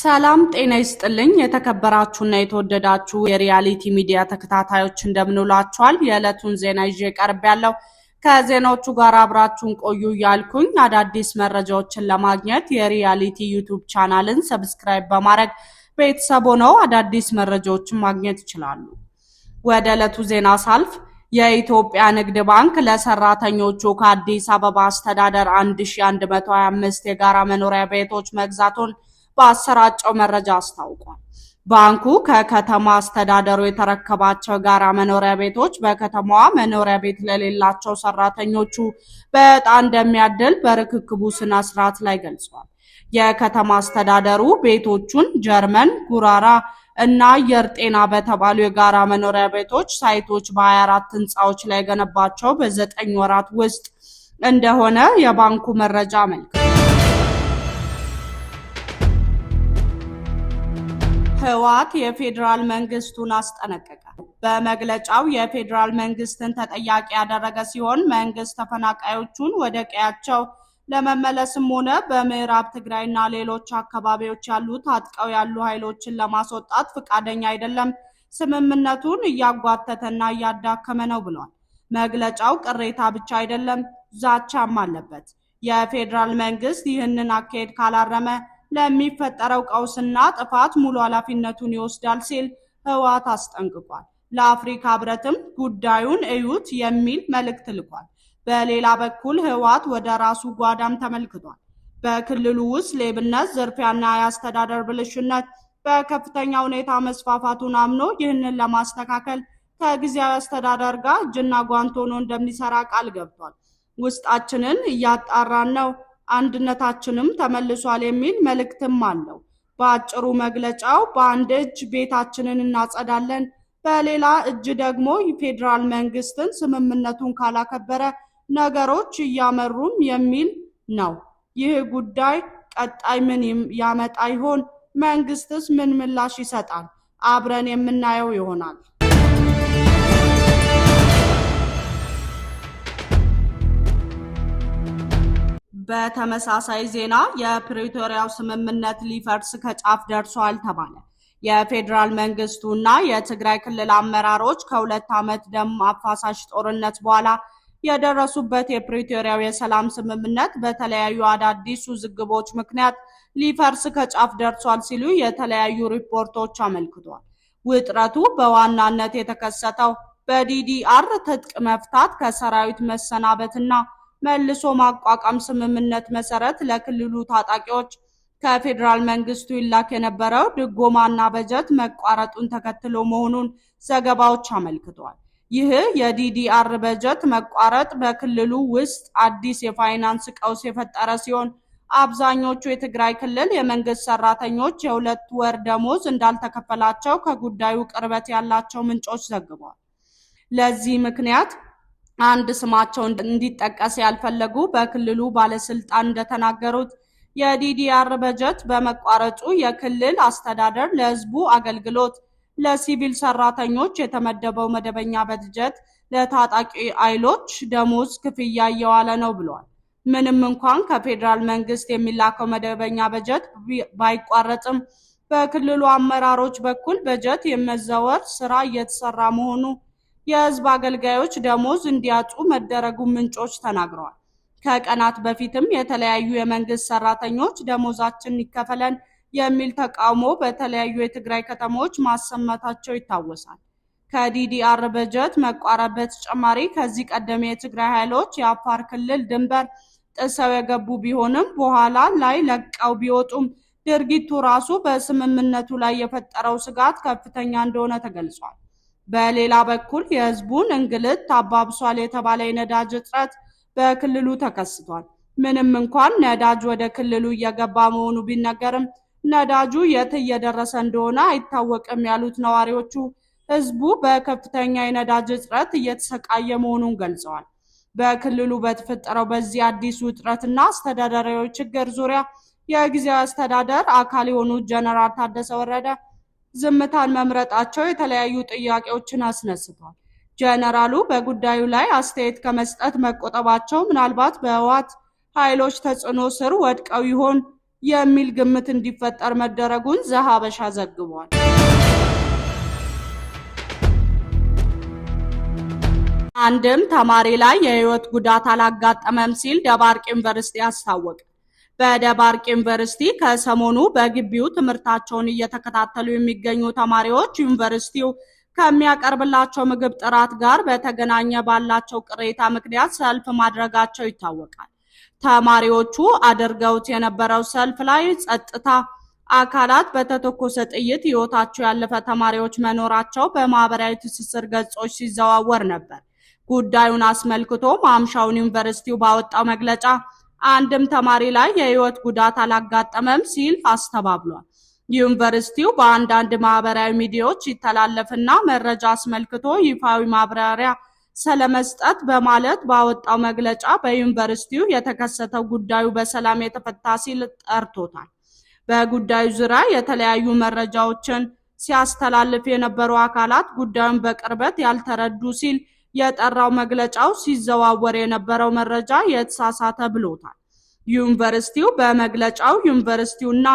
ሰላም ጤና ይስጥልኝ። የተከበራችሁና የተወደዳችሁ የሪያሊቲ ሚዲያ ተከታታዮች እንደምንውላችኋል። የዕለቱን ዜና ይዤ ቀርብ ያለው ከዜናዎቹ ጋር አብራችሁን ቆዩ እያልኩኝ አዳዲስ መረጃዎችን ለማግኘት የሪያሊቲ ዩቱብ ቻናልን ሰብስክራይብ በማድረግ ቤተሰብ ሆነው አዳዲስ መረጃዎችን ማግኘት ይችላሉ። ወደ ዕለቱ ዜና ሳልፍ የኢትዮጵያ ንግድ ባንክ ለሰራተኞቹ ከአዲስ አበባ አስተዳደር 1125 የጋራ መኖሪያ ቤቶች መግዛቱን በአሰራጨው መረጃ አስታውቋል። ባንኩ ከከተማ አስተዳደሩ የተረከባቸው የጋራ መኖሪያ ቤቶች በከተማዋ መኖሪያ ቤት ለሌላቸው ሰራተኞቹ በዕጣ እንደሚያደል በርክክቡ ስነ ስርዓት ላይ ገልጿል። የከተማ አስተዳደሩ ቤቶቹን ጀርመን፣ ጉራራ እና አየር ጤና በተባሉ የጋራ መኖሪያ ቤቶች ሳይቶች በ24 ህንፃዎች ላይ የገነባቸው በዘጠኝ ወራት ውስጥ እንደሆነ የባንኩ መረጃ አመልክቷል። ህወሓት የፌዴራል መንግስቱን አስጠነቀቀ። በመግለጫው የፌዴራል መንግስትን ተጠያቂ ያደረገ ሲሆን መንግስት ተፈናቃዮቹን ወደ ቀያቸው ለመመለስም ሆነ በምዕራብ ትግራይና ሌሎች አካባቢዎች ያሉ ታጥቀው ያሉ ኃይሎችን ለማስወጣት ፈቃደኛ አይደለም፣ ስምምነቱን እያጓተተና እያዳከመ ነው ብሏል። መግለጫው ቅሬታ ብቻ አይደለም፣ ዛቻም አለበት። የፌዴራል መንግስት ይህንን አካሄድ ካላረመ ለሚፈጠረው ቀውስና ጥፋት ሙሉ ኃላፊነቱን ይወስዳል ሲል ህወሓት አስጠንቅቋል። ለአፍሪካ ህብረትም ጉዳዩን እዩት የሚል መልእክት ልኳል። በሌላ በኩል ህወሓት ወደ ራሱ ጓዳም ተመልክቷል። በክልሉ ውስጥ ሌብነት፣ ዝርፊያና የአስተዳደር ብልሽነት በከፍተኛ ሁኔታ መስፋፋቱን አምኖ ይህንን ለማስተካከል ከጊዜያዊ አስተዳደር ጋር እጅና ጓንት ሆኖ እንደሚሰራ ቃል ገብቷል። ውስጣችንን እያጣራን ነው፣ አንድነታችንም ተመልሷል የሚል መልእክትም አለው። በአጭሩ መግለጫው በአንድ እጅ ቤታችንን እናጸዳለን፣ በሌላ እጅ ደግሞ ፌዴራል መንግስትን ስምምነቱን ካላከበረ ነገሮች እያመሩም የሚል ነው። ይህ ጉዳይ ቀጣይ ምን ያመጣ ይሆን? መንግስትስ ምን ምላሽ ይሰጣል? አብረን የምናየው ይሆናል። በተመሳሳይ ዜና የፕሪቶሪያው ስምምነት ሊፈርስ ከጫፍ ደርሷል ተባለ። የፌዴራል መንግስቱ እና የትግራይ ክልል አመራሮች ከሁለት ዓመት ደም አፋሳሽ ጦርነት በኋላ የደረሱበት የፕሪቶሪያው የሰላም ስምምነት በተለያዩ አዳዲስ ውዝግቦች ምክንያት ሊፈርስ ከጫፍ ደርሷል ሲሉ የተለያዩ ሪፖርቶች አመልክቷል። ውጥረቱ በዋናነት የተከሰተው በዲዲአር ትጥቅ መፍታት ከሰራዊት መሰናበትና መልሶ ማቋቋም ስምምነት መሰረት ለክልሉ ታጣቂዎች ከፌዴራል መንግስቱ ይላክ የነበረው ድጎማና በጀት መቋረጡን ተከትሎ መሆኑን ዘገባዎች አመልክቷል። ይህ የዲዲአር በጀት መቋረጥ በክልሉ ውስጥ አዲስ የፋይናንስ ቀውስ የፈጠረ ሲሆን አብዛኞቹ የትግራይ ክልል የመንግስት ሰራተኞች የሁለት ወር ደሞዝ እንዳልተከፈላቸው ከጉዳዩ ቅርበት ያላቸው ምንጮች ዘግበዋል። ለዚህ ምክንያት አንድ ስማቸው እንዲጠቀስ ያልፈለጉ በክልሉ ባለስልጣን እንደተናገሩት የዲዲአር በጀት በመቋረጡ የክልል አስተዳደር ለህዝቡ አገልግሎት ለሲቪል ሰራተኞች የተመደበው መደበኛ በጀት ለታጣቂ ኃይሎች ደሞዝ ክፍያ እየዋለ ነው ብሏል። ምንም እንኳን ከፌዴራል መንግስት የሚላከው መደበኛ በጀት ባይቋረጥም በክልሉ አመራሮች በኩል በጀት የመዘወር ስራ እየተሰራ መሆኑ የህዝብ አገልጋዮች ደሞዝ እንዲያጡ መደረጉን ምንጮች ተናግረዋል። ከቀናት በፊትም የተለያዩ የመንግስት ሰራተኞች ደሞዛችን ይከፈለን የሚል ተቃውሞ በተለያዩ የትግራይ ከተሞች ማሰማታቸው ይታወሳል። ከዲዲአር በጀት መቋረጥ በተጨማሪ ከዚህ ቀደም የትግራይ ኃይሎች የአፋር ክልል ድንበር ጥሰው የገቡ ቢሆንም በኋላ ላይ ለቀው ቢወጡም ድርጊቱ ራሱ በስምምነቱ ላይ የፈጠረው ስጋት ከፍተኛ እንደሆነ ተገልጿል። በሌላ በኩል የህዝቡን እንግልት አባብሷል የተባለ የነዳጅ እጥረት በክልሉ ተከስቷል። ምንም እንኳን ነዳጅ ወደ ክልሉ እየገባ መሆኑ ቢነገርም ነዳጁ የት እየደረሰ እንደሆነ አይታወቅም ያሉት ነዋሪዎቹ ህዝቡ በከፍተኛ የነዳጅ እጥረት እየተሰቃየ መሆኑን ገልጸዋል። በክልሉ በተፈጠረው በዚህ አዲሱ እጥረትና አስተዳደራዊ ችግር ዙሪያ የጊዜያዊ አስተዳደር አካል የሆኑት ጀነራል ታደሰ ወረደ ዝምታን መምረጣቸው የተለያዩ ጥያቄዎችን አስነስቷል። ጀነራሉ በጉዳዩ ላይ አስተያየት ከመስጠት መቆጠባቸው ምናልባት በህወሓት ኃይሎች ተጽዕኖ ስር ወድቀው ይሆን የሚል ግምት እንዲፈጠር መደረጉን ዘሀበሻ ዘግቧል። አንድም ተማሪ ላይ የህይወት ጉዳት አላጋጠመም ሲል ደባርቅ ዩኒቨርሲቲ አስታወቀ። በደባርቅ ዩኒቨርሲቲ ከሰሞኑ በግቢው ትምህርታቸውን እየተከታተሉ የሚገኙ ተማሪዎች ዩኒቨርሲቲው ከሚያቀርብላቸው ምግብ ጥራት ጋር በተገናኘ ባላቸው ቅሬታ ምክንያት ሰልፍ ማድረጋቸው ይታወቃል። ተማሪዎቹ አድርገውት የነበረው ሰልፍ ላይ ጸጥታ አካላት በተተኮሰ ጥይት ሕይወታቸው ያለፈ ተማሪዎች መኖራቸው በማህበራዊ ትስስር ገጾች ሲዘዋወር ነበር። ጉዳዩን አስመልክቶ ማምሻውን ዩኒቨርሲቲው ባወጣው መግለጫ አንድም ተማሪ ላይ የህይወት ጉዳት አላጋጠመም ሲል አስተባብሏል። ዩኒቨርሲቲው በአንዳንድ ማህበራዊ ሚዲያዎች ይተላለፍና መረጃ አስመልክቶ ይፋዊ ማብራሪያ ስለመስጠት በማለት ባወጣው መግለጫ በዩኒቨርሲቲው የተከሰተው ጉዳዩ በሰላም የተፈታ ሲል ጠርቶታል። በጉዳዩ ዙሪያ የተለያዩ መረጃዎችን ሲያስተላልፍ የነበሩ አካላት ጉዳዩን በቅርበት ያልተረዱ ሲል የጠራው መግለጫው ሲዘዋወር የነበረው መረጃ የተሳሳተ ብሎታል። ዩኒቨርሲቲው በመግለጫው ዩኒቨርሲቲውና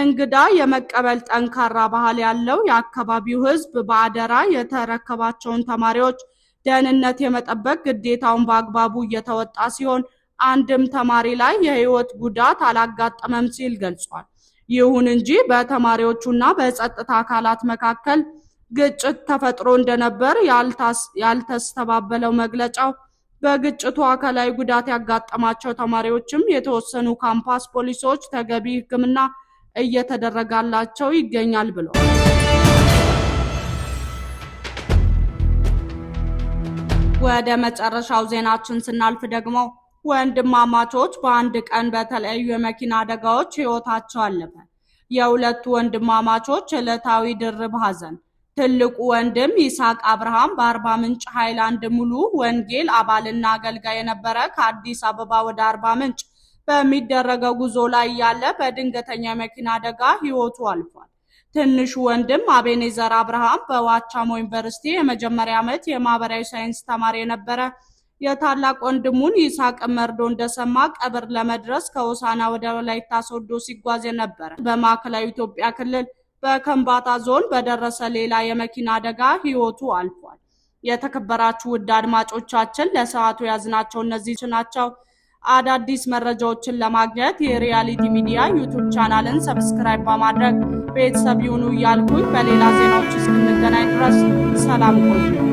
እንግዳ የመቀበል ጠንካራ ባህል ያለው የአካባቢው ሕዝብ በአደራ የተረከባቸውን ተማሪዎች ደህንነት የመጠበቅ ግዴታውን በአግባቡ እየተወጣ ሲሆን አንድም ተማሪ ላይ የህይወት ጉዳት አላጋጠመም ሲል ገልጿል። ይሁን እንጂ በተማሪዎቹና በጸጥታ አካላት መካከል ግጭት ተፈጥሮ እንደነበር ያልተስተባበለው መግለጫው በግጭቱ አካላዊ ጉዳት ያጋጠማቸው ተማሪዎችም የተወሰኑ ካምፓስ ፖሊሶች ተገቢ ሕክምና እየተደረጋላቸው ይገኛል ብሏል። ወደ መጨረሻው ዜናችን ስናልፍ ደግሞ ወንድማማቾች በአንድ ቀን በተለያዩ የመኪና አደጋዎች ሕይወታቸው አለፈ። የሁለቱ ወንድማማቾች ዕለታዊ ድርብ ሐዘን ትልቁ ወንድም ይስሐቅ አብርሃም በአርባ ምንጭ ሃይላንድ ሙሉ ወንጌል አባልና አገልጋይ የነበረ ከአዲስ አበባ ወደ አርባ ምንጭ በሚደረገው ጉዞ ላይ ያለ በድንገተኛ የመኪና አደጋ ሕይወቱ አልፏል። ትንሹ ወንድም አቤኔዘር አብርሃም በዋቻሞ ዩኒቨርሲቲ የመጀመሪያ ዓመት የማህበራዊ ሳይንስ ተማሪ የነበረ የታላቅ ወንድሙን ይስሐቅ መርዶ እንደሰማ ቀብር ለመድረስ ከሆሳና ወደ ወላይታ ሶዶ ሲጓዝ የነበረ በማዕከላዊ ኢትዮጵያ ክልል በከምባታ ዞን በደረሰ ሌላ የመኪና አደጋ ህይወቱ አልፏል። የተከበራችሁ ውድ አድማጮቻችን ለሰዓቱ ያዝናቸው እነዚህ ናቸው። አዳዲስ መረጃዎችን ለማግኘት የሪያሊቲ ሚዲያ ዩቱብ ቻናልን ሰብስክራይብ በማድረግ ቤተሰብ ይሁኑ እያልኩኝ በሌላ ዜናዎች እስክንገናኝ ድረስ ሰላም ቆዩ።